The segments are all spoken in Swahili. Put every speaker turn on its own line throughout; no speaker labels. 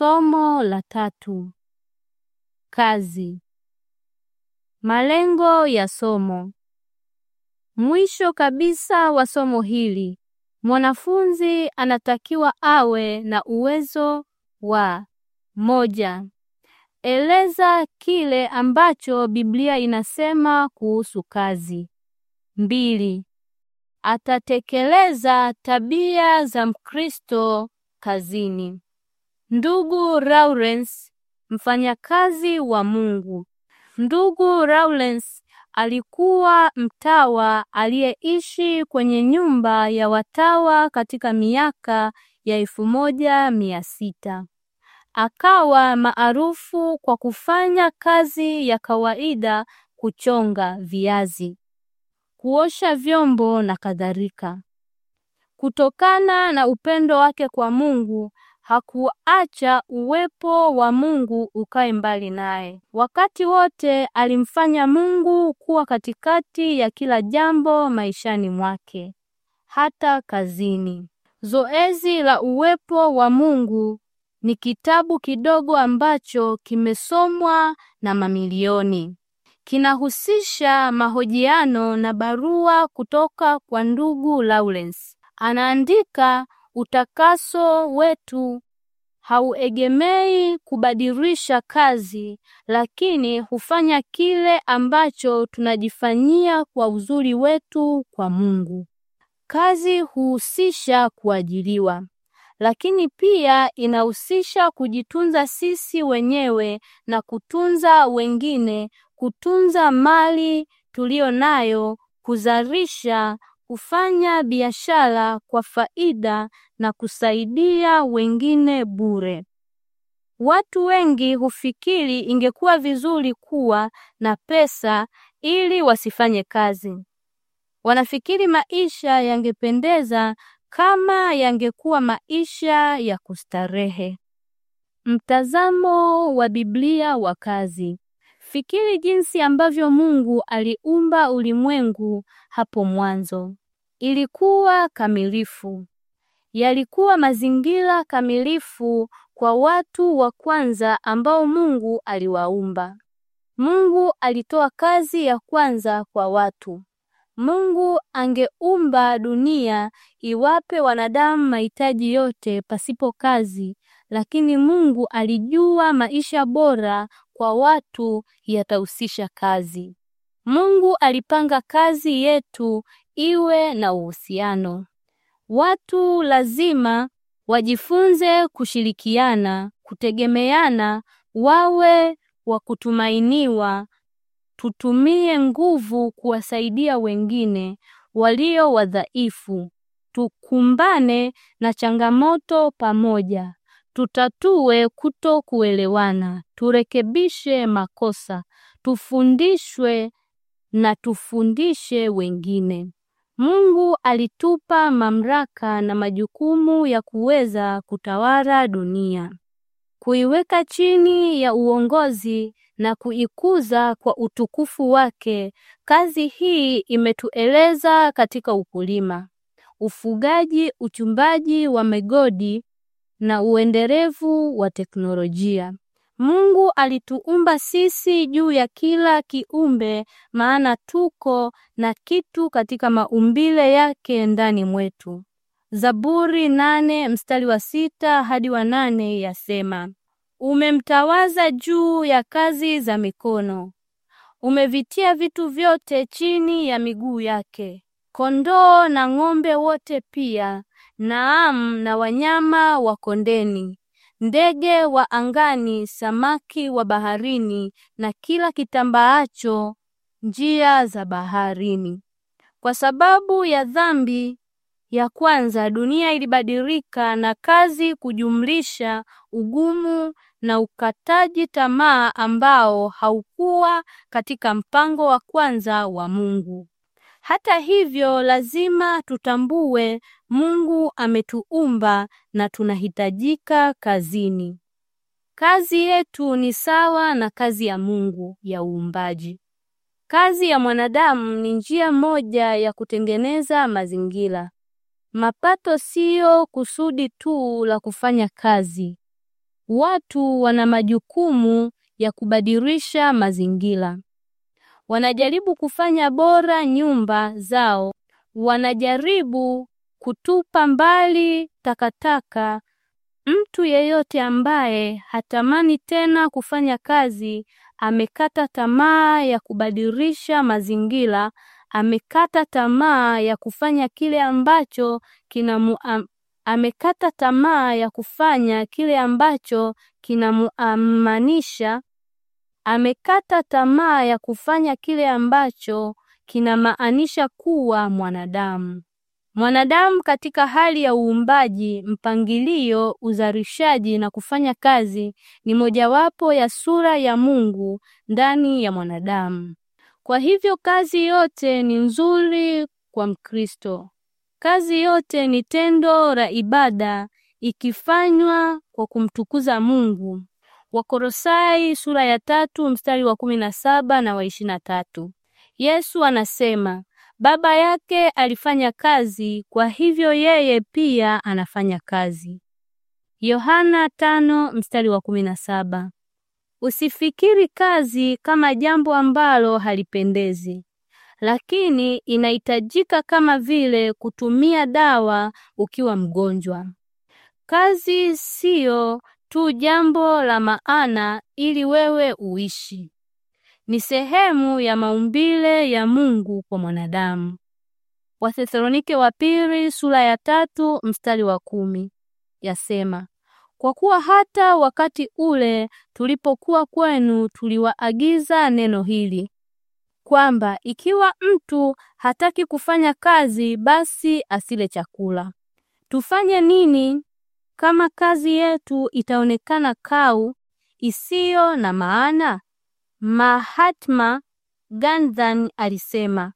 Somo la tatu: kazi. Malengo ya somo. Mwisho kabisa wa somo hili, mwanafunzi anatakiwa awe na uwezo wa moja, eleza kile ambacho Biblia inasema kuhusu kazi. Mbili, atatekeleza tabia za Mkristo kazini. Ndugu Lawrence, mfanyakazi wa Mungu. Ndugu Lawrence alikuwa mtawa aliyeishi kwenye nyumba ya watawa katika miaka ya elfu moja mia sita. Akawa maarufu kwa kufanya kazi ya kawaida, kuchonga viazi, kuosha vyombo na kadhalika. Kutokana na upendo wake kwa Mungu, hakuacha uwepo wa Mungu ukae mbali naye. Wakati wote alimfanya Mungu kuwa katikati ya kila jambo maishani mwake, hata kazini. Zoezi la uwepo wa Mungu ni kitabu kidogo ambacho kimesomwa na mamilioni. Kinahusisha mahojiano na barua kutoka kwa ndugu Lawrence. Anaandika Utakaso wetu hauegemei kubadilisha kazi, lakini hufanya kile ambacho tunajifanyia kwa uzuri wetu kwa Mungu. Kazi huhusisha kuajiriwa, lakini pia inahusisha kujitunza sisi wenyewe na kutunza wengine, kutunza mali tuliyo nayo, kuzalisha kufanya biashara kwa faida na kusaidia wengine bure. Watu wengi hufikiri ingekuwa vizuri kuwa na pesa ili wasifanye kazi. Wanafikiri maisha yangependeza kama yangekuwa maisha ya kustarehe. Mtazamo wa Biblia wa kazi. Fikiri jinsi ambavyo Mungu aliumba ulimwengu hapo mwanzo ilikuwa kamilifu. Yalikuwa mazingira kamilifu kwa watu wa kwanza ambao Mungu aliwaumba. Mungu alitoa kazi ya kwanza kwa watu. Mungu angeumba dunia iwape wanadamu mahitaji yote pasipo kazi, lakini Mungu alijua maisha bora kwa watu yatahusisha kazi. Mungu alipanga kazi yetu iwe na uhusiano. Watu lazima wajifunze kushirikiana, kutegemeana, wawe wa kutumainiwa. Tutumie nguvu kuwasaidia wengine walio wadhaifu. Tukumbane na changamoto pamoja, tutatue kuto kuelewana, turekebishe makosa, tufundishwe na tufundishe wengine. Mungu alitupa mamlaka na majukumu ya kuweza kutawala dunia, kuiweka chini ya uongozi na kuikuza kwa utukufu wake. Kazi hii imetueleza katika ukulima, ufugaji, uchumbaji wa migodi na uendelevu wa teknolojia. Mungu alituumba sisi juu ya kila kiumbe, maana tuko na kitu katika maumbile yake ndani mwetu. Zaburi nane mstari wa sita hadi wa nane yasema, umemtawaza juu ya kazi za mikono, umevitia vitu vyote chini ya miguu yake, kondoo na ng'ombe wote pia, naam na wanyama wa kondeni ndege wa angani, samaki wa baharini na kila kitambaacho njia za baharini. Kwa sababu ya dhambi ya kwanza, dunia ilibadilika na kazi kujumlisha ugumu na ukataji tamaa ambao haukuwa katika mpango wa kwanza wa Mungu. Hata hivyo, lazima tutambue Mungu ametuumba na tunahitajika kazini. Kazi yetu ni sawa na kazi ya Mungu ya uumbaji. Kazi ya mwanadamu ni njia moja ya kutengeneza mazingira. Mapato siyo kusudi tu la kufanya kazi. Watu wana majukumu ya kubadilisha mazingira wanajaribu kufanya bora nyumba zao, wanajaribu kutupa mbali takataka. Mtu yeyote ambaye hatamani tena kufanya kazi amekata tamaa ya kubadilisha mazingira, amekata tamaa ya kufanya kile ambacho kina amekata tamaa ya kufanya kile ambacho kinamamanisha amekata tamaa ya kufanya kile ambacho kinamaanisha kuwa mwanadamu. Mwanadamu katika hali ya uumbaji, mpangilio, uzalishaji na kufanya kazi ni mojawapo ya sura ya Mungu ndani ya mwanadamu. Kwa hivyo kazi yote ni nzuri kwa Mkristo. Kazi yote ni tendo la ibada ikifanywa kwa kumtukuza Mungu. Wakolosai sura ya tatu mstari wa kumi na saba na wa ishirini na tatu. Yesu anasema Baba yake alifanya kazi, kwa hivyo yeye pia anafanya kazi. Yohana tano mstari wa kumi na saba. Usifikiri kazi kama jambo ambalo halipendezi, lakini inahitajika kama vile kutumia dawa ukiwa mgonjwa. Kazi siyo tu jambo la maana ili wewe uishi. Ni sehemu ya maumbile ya Mungu kwa mwanadamu. Wathesalonike wa pili sura ya tatu mstari wa kumi yasema, kwa kuwa hata wakati ule tulipokuwa kwenu tuliwaagiza neno hili kwamba ikiwa mtu hataki kufanya kazi basi asile chakula. Tufanye nini? kama kazi yetu itaonekana kau isiyo na maana? Mahatma Gandhi alisema,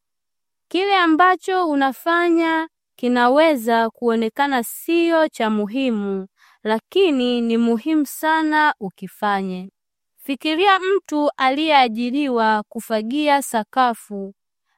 kile ambacho unafanya kinaweza kuonekana siyo cha muhimu, lakini ni muhimu sana ukifanye. Fikiria mtu aliyeajiriwa kufagia sakafu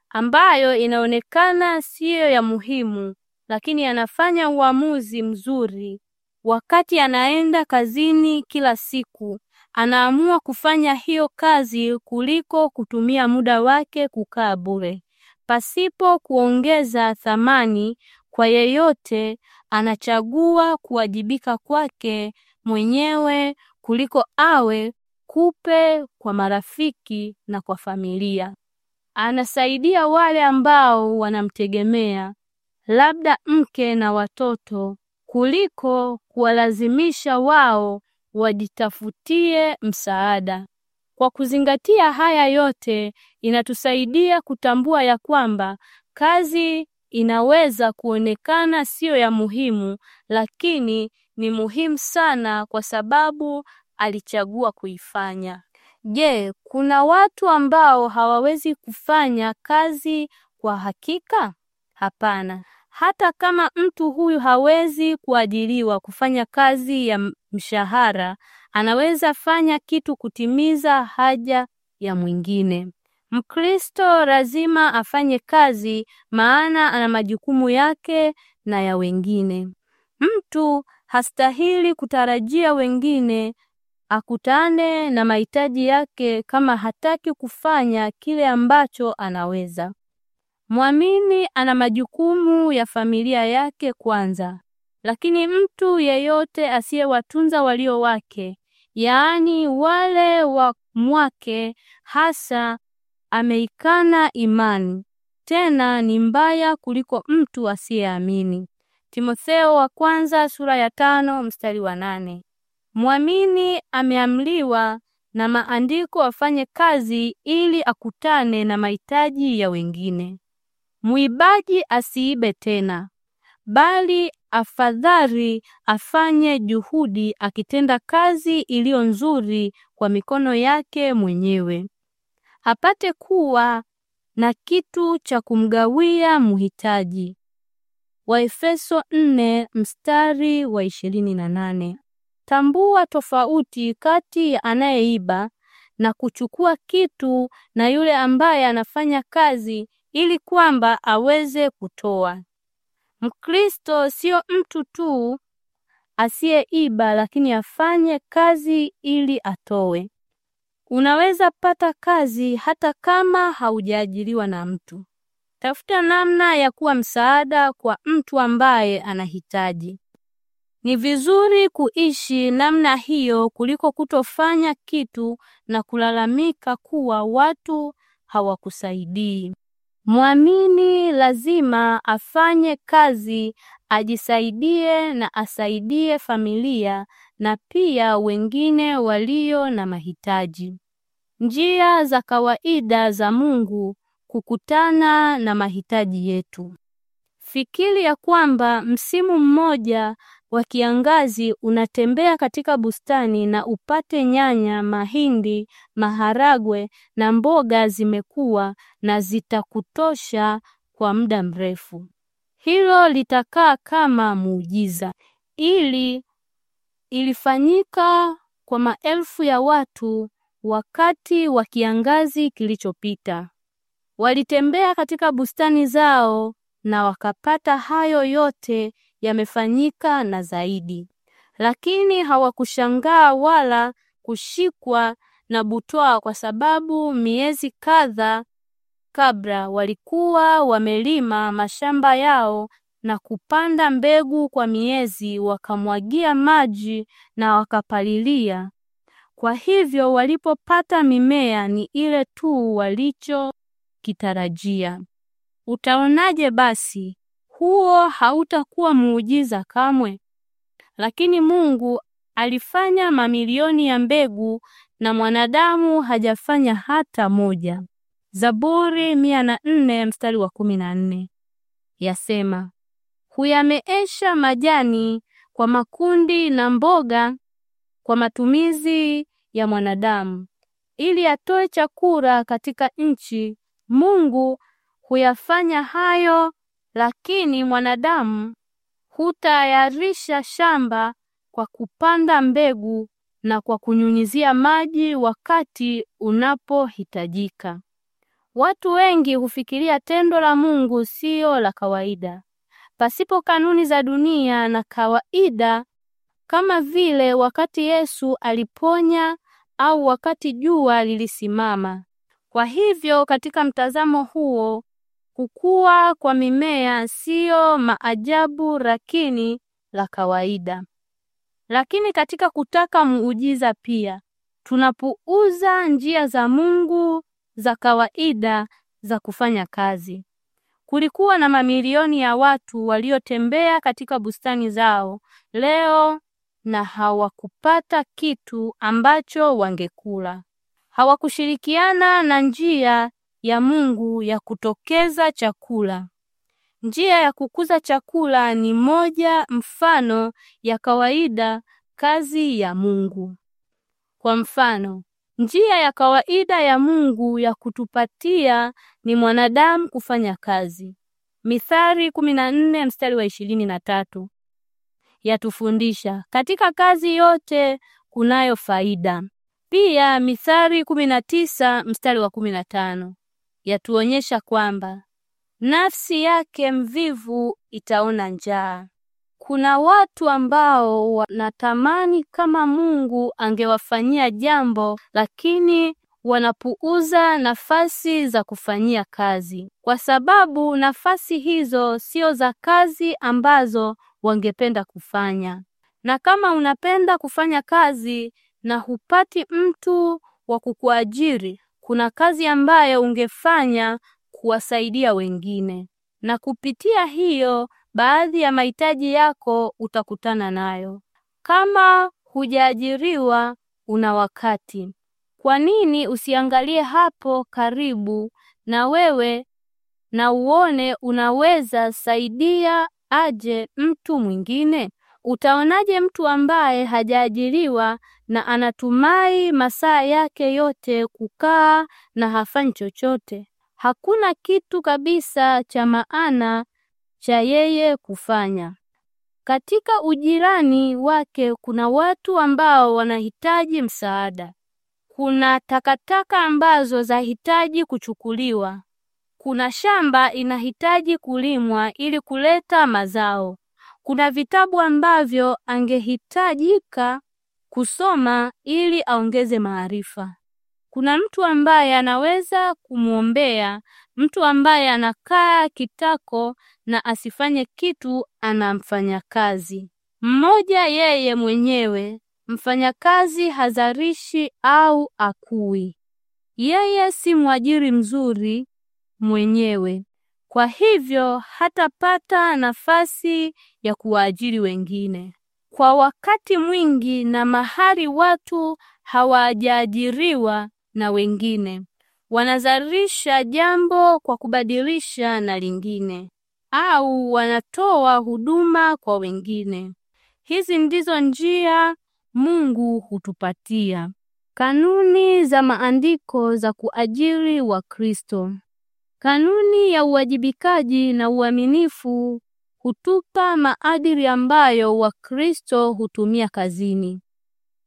ambayo inaonekana siyo ya muhimu, lakini anafanya uamuzi mzuri Wakati anaenda kazini kila siku, anaamua kufanya hiyo kazi kuliko kutumia muda wake kukaa bure pasipo kuongeza thamani kwa yeyote. Anachagua kuwajibika kwake mwenyewe kuliko awe kupe kwa marafiki na kwa familia. Anasaidia wale ambao wanamtegemea, labda mke na watoto, kuliko kuwalazimisha wao wajitafutie msaada. Kwa kuzingatia haya yote, inatusaidia kutambua ya kwamba kazi inaweza kuonekana siyo ya muhimu, lakini ni muhimu sana kwa sababu alichagua kuifanya. Je, kuna watu ambao hawawezi kufanya kazi kwa hakika? Hapana hata kama mtu huyu hawezi kuajiriwa kufanya kazi ya mshahara, anaweza fanya kitu kutimiza haja ya mwingine. Mkristo lazima afanye kazi, maana ana majukumu yake na ya wengine. Mtu hastahili kutarajia wengine akutane na mahitaji yake kama hataki kufanya kile ambacho anaweza. Mwamini ana majukumu ya familia yake kwanza, lakini mtu yeyote asiyewatunza walio wake, yaani wale wa mwake hasa, ameikana imani, tena ni mbaya kuliko mtu asiyeamini. Timotheo wa kwanza sura ya tano mstari wa nane. Mwamini ameamliwa na maandiko afanye kazi ili akutane na mahitaji ya wengine. Mwibaji asiibe tena, bali afadhali afanye juhudi akitenda kazi iliyo nzuri kwa mikono yake mwenyewe, apate kuwa na kitu cha kumgawia mhitaji. Waefeso 4 mstari wa 28. Tambua tofauti kati ya anayeiba na kuchukua kitu na yule ambaye anafanya kazi ili kwamba aweze kutoa. Mkristo sio mtu tu asiyeiba, lakini afanye kazi ili atowe. Unaweza pata kazi hata kama haujaajiriwa na mtu. Tafuta namna ya kuwa msaada kwa mtu ambaye anahitaji. Ni vizuri kuishi namna hiyo kuliko kutofanya kitu na kulalamika kuwa watu hawakusaidii. Mwamini lazima afanye kazi, ajisaidie na asaidie familia na pia wengine walio na mahitaji. Njia za kawaida za Mungu kukutana na mahitaji yetu. Fikiri ya kwamba msimu mmoja wa kiangazi unatembea katika bustani na upate nyanya, mahindi, maharagwe na mboga zimekuwa na zitakutosha kwa muda mrefu. Hilo litakaa kama muujiza. Ili ilifanyika kwa maelfu ya watu wakati wa kiangazi kilichopita. Walitembea katika bustani zao na wakapata hayo yote yamefanyika na zaidi, lakini hawakushangaa wala kushikwa na butwa kwa sababu miezi kadha kabla walikuwa wamelima mashamba yao na kupanda mbegu kwa miezi, wakamwagia maji na wakapalilia. Kwa hivyo walipopata mimea ni ile tu walichokitarajia. Utaonaje basi huo hautakuwa muujiza kamwe. Lakini Mungu alifanya mamilioni ya mbegu na mwanadamu hajafanya hata moja. Zaburi 104 mstari wa 14 yasema, huyameesha majani kwa makundi na mboga kwa matumizi ya mwanadamu, ili atoe chakula katika nchi. Mungu huyafanya hayo lakini mwanadamu hutayarisha shamba kwa kupanda mbegu na kwa kunyunyizia maji wakati unapohitajika. Watu wengi hufikiria tendo la Mungu siyo la kawaida, pasipo kanuni za dunia na kawaida, kama vile wakati Yesu aliponya au wakati jua lilisimama. Kwa hivyo, katika mtazamo huo, Kukua kwa mimea siyo maajabu lakini la kawaida. Lakini katika kutaka muujiza pia tunapuuza njia za Mungu za kawaida za kufanya kazi. Kulikuwa na mamilioni ya watu waliotembea katika bustani zao leo na hawakupata kitu ambacho wangekula. Hawakushirikiana na njia ya Mungu ya kutokeza chakula. Njia ya kukuza chakula ni moja mfano ya kawaida kazi ya Mungu. Kwa mfano, njia ya kawaida ya Mungu ya kutupatia ni mwanadamu kufanya kazi. Mithali 14 mstari wa 23 yatufundisha katika kazi yote kunayo faida. Pia Mithali 19 mstari wa 15 yatuonyesha kwamba nafsi yake mvivu itaona njaa. Kuna watu ambao wanatamani kama Mungu angewafanyia jambo, lakini wanapuuza nafasi za kufanyia kazi, kwa sababu nafasi hizo sio za kazi ambazo wangependa kufanya. Na kama unapenda kufanya kazi na hupati mtu wa kukuajiri, kuna kazi ambayo ungefanya kuwasaidia wengine, na kupitia hiyo baadhi ya mahitaji yako utakutana nayo. Kama hujaajiriwa, una wakati, kwa nini usiangalie hapo karibu na wewe na uone unaweza saidia aje mtu mwingine? Utaonaje mtu ambaye hajaajiriwa na anatumai masaa yake yote kukaa na hafanyi chochote? Hakuna kitu kabisa cha maana cha yeye kufanya. Katika ujirani wake kuna watu ambao wanahitaji msaada. Kuna takataka ambazo zahitaji kuchukuliwa. Kuna shamba inahitaji kulimwa ili kuleta mazao kuna vitabu ambavyo angehitajika kusoma ili aongeze maarifa. Kuna mtu ambaye anaweza kumwombea, mtu ambaye anakaa kitako na asifanye kitu, anamfanya kazi mmoja yeye mwenyewe. Mfanyakazi hazarishi au akui, yeye si mwajiri mzuri mwenyewe. Kwa hivyo hatapata nafasi ya kuwaajiri wengine. Kwa wakati mwingi na mahali watu hawajaajiriwa na wengine, wanazalisha jambo kwa kubadilisha na lingine au wanatoa huduma kwa wengine. Hizi ndizo njia Mungu hutupatia kanuni za maandiko za kuajiri wa kristo Kanuni ya uwajibikaji na uaminifu hutupa maadili ambayo Wakristo hutumia kazini.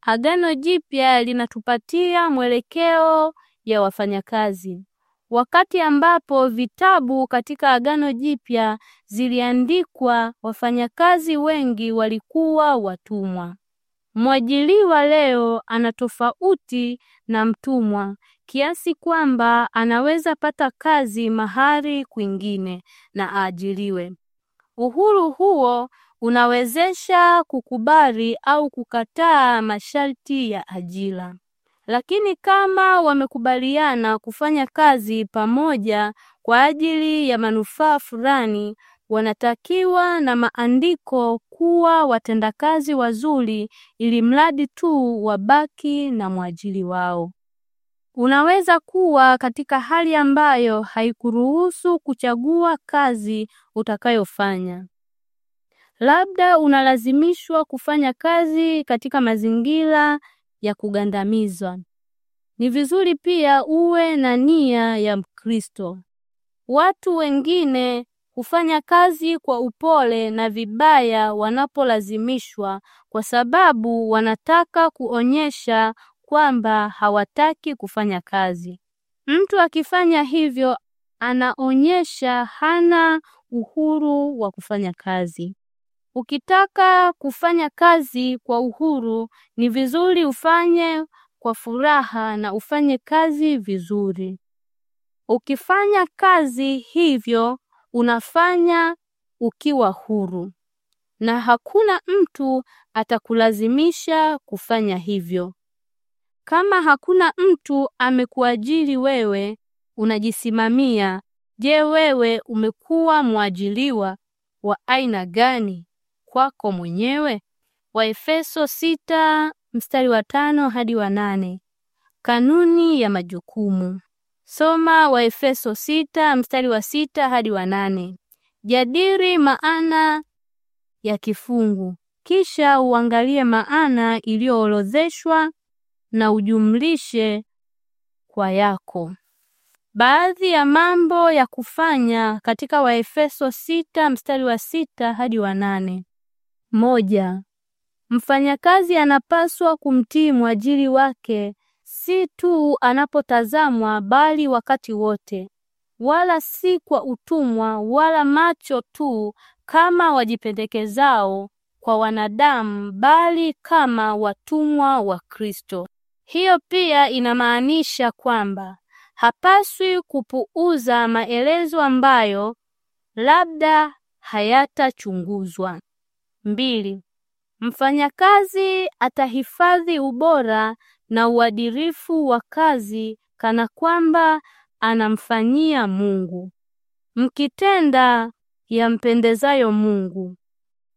Agano Jipya linatupatia mwelekeo ya wafanyakazi. Wakati ambapo vitabu katika Agano Jipya ziliandikwa, wafanyakazi wengi walikuwa watumwa mwajiliwa leo ana tofauti na mtumwa kiasi kwamba anaweza pata kazi mahali kwingine na aajiliwe Uhuru huo unawezesha kukubali au kukataa masharti ya ajira. Lakini kama wamekubaliana kufanya kazi pamoja kwa ajili ya manufaa fulani, wanatakiwa na maandiko kuwa watendakazi wazuri, ili mradi tu wabaki na mwajili wao. Unaweza kuwa katika hali ambayo haikuruhusu kuchagua kazi utakayofanya. Labda unalazimishwa kufanya kazi katika mazingira ya kugandamizwa. Ni vizuri pia uwe na nia ya Mkristo. Watu wengine kufanya kazi kwa upole na vibaya wanapolazimishwa, kwa sababu wanataka kuonyesha kwamba hawataki kufanya kazi. Mtu akifanya hivyo anaonyesha hana uhuru wa kufanya kazi. Ukitaka kufanya kazi kwa uhuru, ni vizuri ufanye kwa furaha na ufanye kazi vizuri. Ukifanya kazi hivyo unafanya ukiwa huru na hakuna mtu atakulazimisha kufanya hivyo. Kama hakuna mtu amekuajiri wewe, unajisimamia. Je, wewe umekuwa mwajiliwa wa aina gani kwako mwenyewe? Waefeso sita mstari wa tano hadi wa nane. Kanuni ya majukumu. Soma Waefeso sita mstari wa sita hadi wa nane. Jadiri maana ya kifungu, kisha uangalie maana iliyoorodheshwa na ujumlishe kwa yako. Baadhi ya mambo ya kufanya katika Waefeso sita mstari wa sita hadi wa nane. Moja, mfanyakazi anapaswa kumtii mwajiri wake si tu anapotazamwa bali wakati wote, wala si kwa utumwa wala macho tu kama wajipendekezao kwa wanadamu, bali kama watumwa wa Kristo. Hiyo pia inamaanisha kwamba hapaswi kupuuza maelezo ambayo labda hayatachunguzwa. Mbili, mfanyakazi atahifadhi ubora na uadilifu wa kazi kana kwamba anamfanyia Mungu, mkitenda yampendezayo Mungu.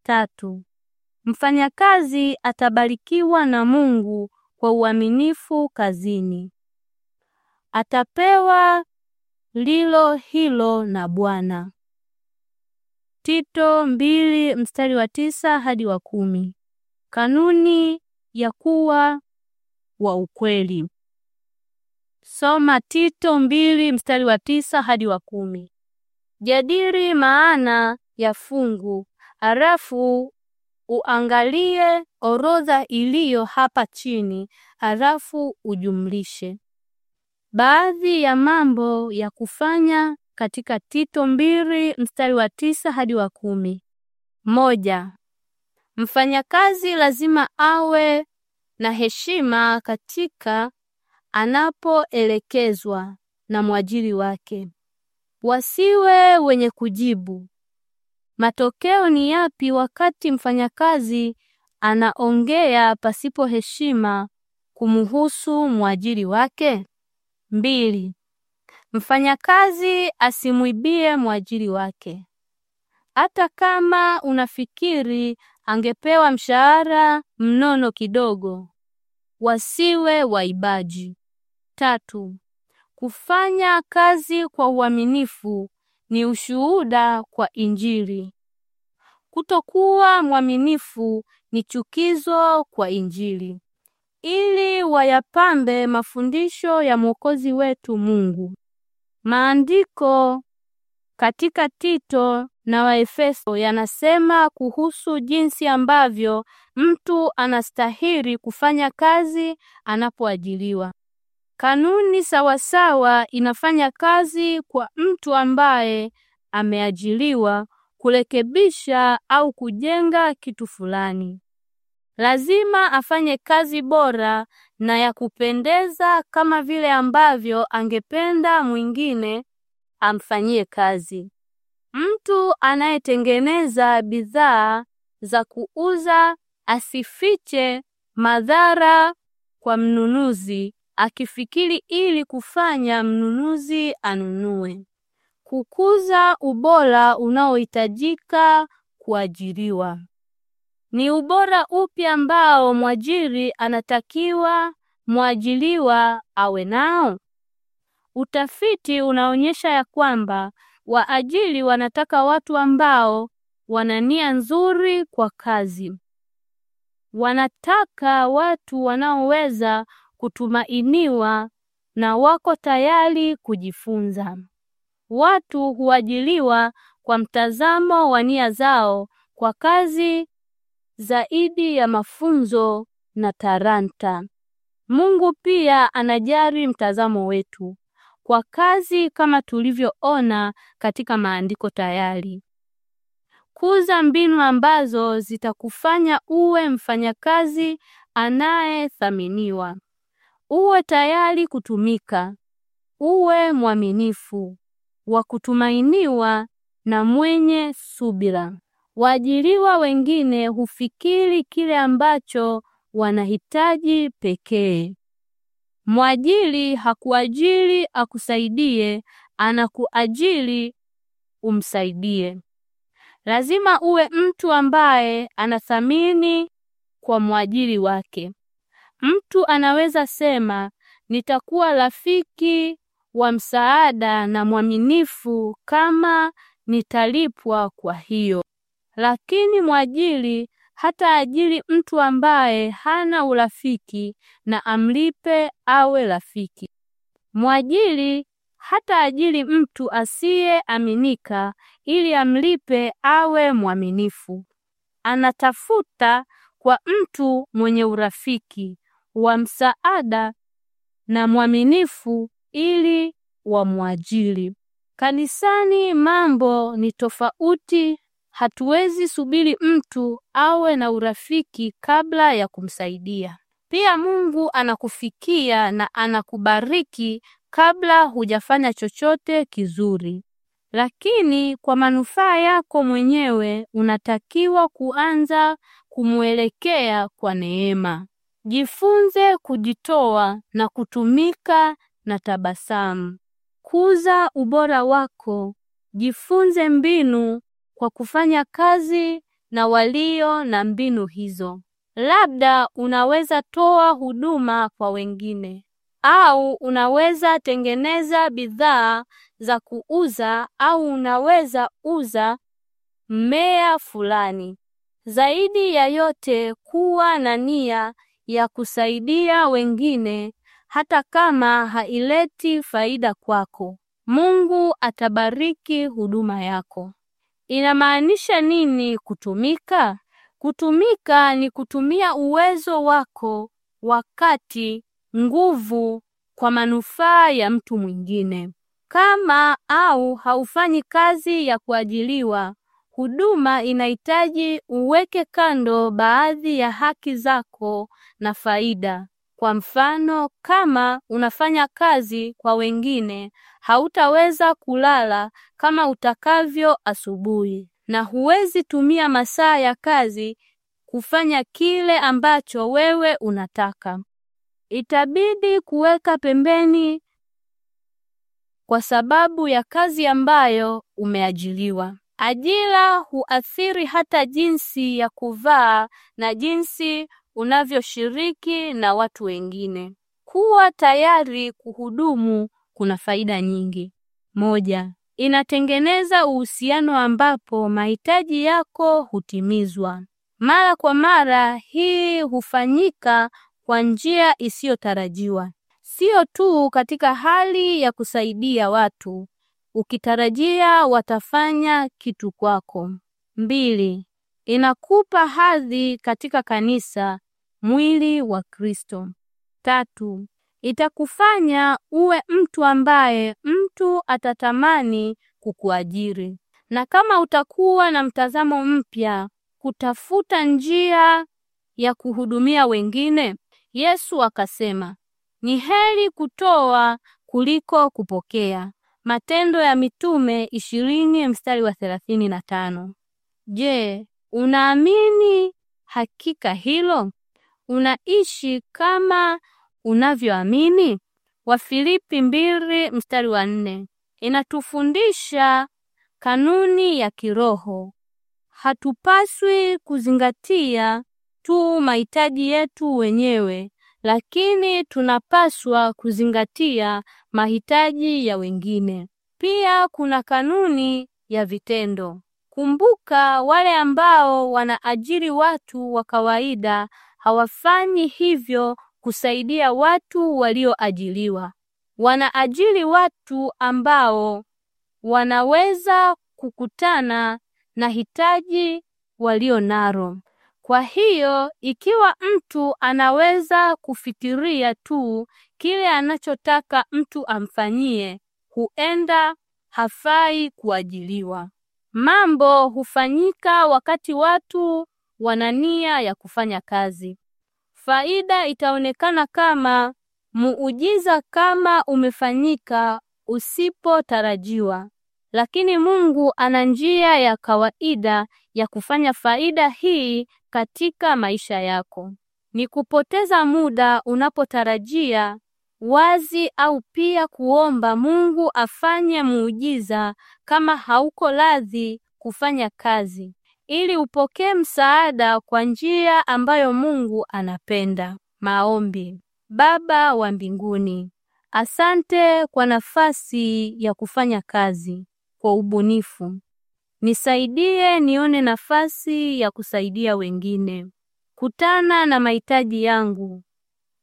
Tatu, mfanyakazi atabarikiwa na Mungu kwa uaminifu kazini, atapewa lilo hilo na Bwana. Tito mbili mstari wa tisa hadi wa kumi. Kanuni ya kuwa wa ukweli. Soma Tito mbili mstari wa tisa hadi wa kumi. Jadili maana ya fungu halafu uangalie orodha iliyo hapa chini halafu ujumlishe. Baadhi ya mambo ya kufanya katika Tito mbili mstari wa tisa hadi wa kumi. Moja, mfanyakazi lazima awe na heshima katika anapoelekezwa na mwajiri wake. Wasiwe wenye kujibu matokeo ni yapi wakati mfanyakazi anaongea pasipo heshima kumhusu mwajiri wake. Mbili, mfanyakazi asimwibie mwajiri wake. Hata kama unafikiri angepewa mshahara mnono kidogo, wasiwe waibaji. Tatu, kufanya kazi kwa uaminifu ni ushuhuda kwa Injili. Kutokuwa mwaminifu ni chukizo kwa Injili. Ili wayapambe mafundisho ya Mwokozi wetu Mungu. Maandiko katika Tito na Waefeso yanasema kuhusu jinsi ambavyo mtu anastahili kufanya kazi anapoajiliwa Kanuni sawasawa inafanya kazi kwa mtu ambaye ameajiliwa kurekebisha au kujenga kitu fulani. Lazima afanye kazi bora na ya kupendeza kama vile ambavyo angependa mwingine amfanyie kazi. Mtu anayetengeneza bidhaa za kuuza asifiche madhara kwa mnunuzi, akifikiri ili kufanya mnunuzi anunue. Kukuza ubora unaohitajika kuajiriwa. Ni ubora upi ambao mwajiri anatakiwa mwajiriwa awe nao? Utafiti unaonyesha ya kwamba waajili wanataka watu ambao wana nia nzuri kwa kazi. Wanataka watu wanaoweza kutumainiwa na wako tayari kujifunza. Watu huajiliwa kwa mtazamo wa nia zao kwa kazi zaidi ya mafunzo na talanta. Mungu pia anajali mtazamo wetu kwa kazi kama tulivyoona katika maandiko tayari. Kuza mbinu ambazo zitakufanya uwe mfanyakazi anayethaminiwa. Uwe tayari kutumika. Uwe mwaminifu, wa kutumainiwa na mwenye subira. Waajiriwa wengine hufikiri kile ambacho wanahitaji pekee. Mwajiri hakuajiri akusaidie, anakuajiri umsaidie. Lazima uwe mtu ambaye anathamini kwa mwajiri wake. Mtu anaweza sema nitakuwa rafiki wa msaada na mwaminifu kama nitalipwa kwa hiyo, lakini mwajiri hata ajili mtu ambaye hana urafiki na amlipe awe rafiki. Mwajili hata ajili mtu asiyeaminika ili amlipe awe mwaminifu. Anatafuta kwa mtu mwenye urafiki wa msaada na mwaminifu ili wamwajili Kanisani mambo ni tofauti Hatuwezi subiri mtu awe na urafiki kabla ya kumsaidia. Pia Mungu anakufikia na anakubariki kabla hujafanya chochote kizuri. Lakini kwa manufaa yako mwenyewe unatakiwa kuanza kumwelekea kwa neema. Jifunze kujitoa na kutumika na tabasamu. Kuza ubora wako. Jifunze mbinu kwa kufanya kazi na walio na mbinu hizo. Labda unaweza toa huduma kwa wengine au unaweza tengeneza bidhaa za kuuza au unaweza uza mmea fulani. Zaidi ya yote, kuwa na nia ya kusaidia wengine hata kama haileti faida kwako. Mungu atabariki huduma yako. Inamaanisha nini kutumika? Kutumika ni kutumia uwezo wako, wakati, nguvu kwa manufaa ya mtu mwingine. Kama au haufanyi kazi ya kuajiliwa huduma inahitaji uweke kando baadhi ya haki zako na faida. Kwa mfano, kama unafanya kazi kwa wengine hautaweza kulala kama utakavyo asubuhi, na huwezi tumia masaa ya kazi kufanya kile ambacho wewe unataka. Itabidi kuweka pembeni kwa sababu ya kazi ambayo umeajiliwa. Ajira huathiri hata jinsi ya kuvaa na jinsi unavyoshiriki na watu wengine. Kuwa tayari kuhudumu kuna faida nyingi. Moja, inatengeneza uhusiano ambapo mahitaji yako hutimizwa mara kwa mara. Hii hufanyika kwa njia isiyotarajiwa, sio tu katika hali ya kusaidia watu ukitarajia watafanya kitu kwako. Mbili, inakupa hadhi katika kanisa, mwili wa Kristo. Tatu, itakufanya uwe mtu ambaye mtu atatamani kukuajiri, na kama utakuwa na mtazamo mpya kutafuta njia ya kuhudumia wengine, Yesu akasema ni heri kutoa kuliko kupokea. Matendo ya Mitume ishirini mstari wa thelathini na tano. Je, unaamini hakika hilo? Unaishi kama unavyoamini. Wafilipi mbili mstari wa nne inatufundisha kanuni ya kiroho. Hatupaswi kuzingatia tu mahitaji yetu wenyewe, lakini tunapaswa kuzingatia mahitaji ya wengine. Pia kuna kanuni ya vitendo. Kumbuka, wale ambao wanaajiri watu wa kawaida hawafanyi hivyo kusaidia watu walioajiliwa. Wanaajili watu ambao wanaweza kukutana na hitaji walio nalo. Kwa hiyo ikiwa mtu anaweza kufikiria tu kile anachotaka mtu amfanyie, huenda hafai kuajiliwa. Mambo hufanyika wakati watu wana nia ya kufanya kazi faida itaonekana kama muujiza kama umefanyika usipotarajiwa. Lakini Mungu ana njia ya kawaida ya kufanya faida hii katika maisha yako. Ni kupoteza muda unapotarajia wazi au pia kuomba Mungu afanye muujiza kama hauko radhi kufanya kazi ili upokee msaada kwa njia ambayo Mungu anapenda. Maombi. Baba wa mbinguni, asante kwa nafasi ya kufanya kazi kwa ubunifu. Nisaidie nione nafasi ya kusaidia wengine. Kutana na mahitaji yangu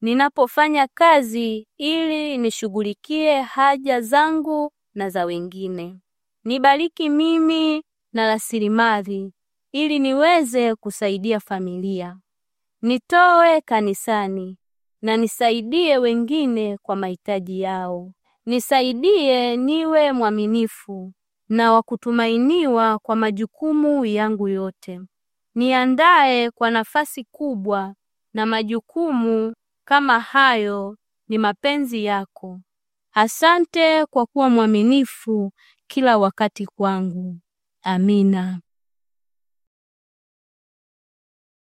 ninapofanya kazi ili nishughulikie haja zangu na za wengine. Nibariki mimi na rasilimali ili niweze kusaidia familia, nitoe kanisani na nisaidie wengine kwa mahitaji yao. Nisaidie niwe mwaminifu na wa kutumainiwa kwa majukumu yangu yote. Niandae kwa nafasi kubwa na majukumu kama hayo, ni mapenzi yako. Asante kwa kuwa mwaminifu kila wakati kwangu. Amina.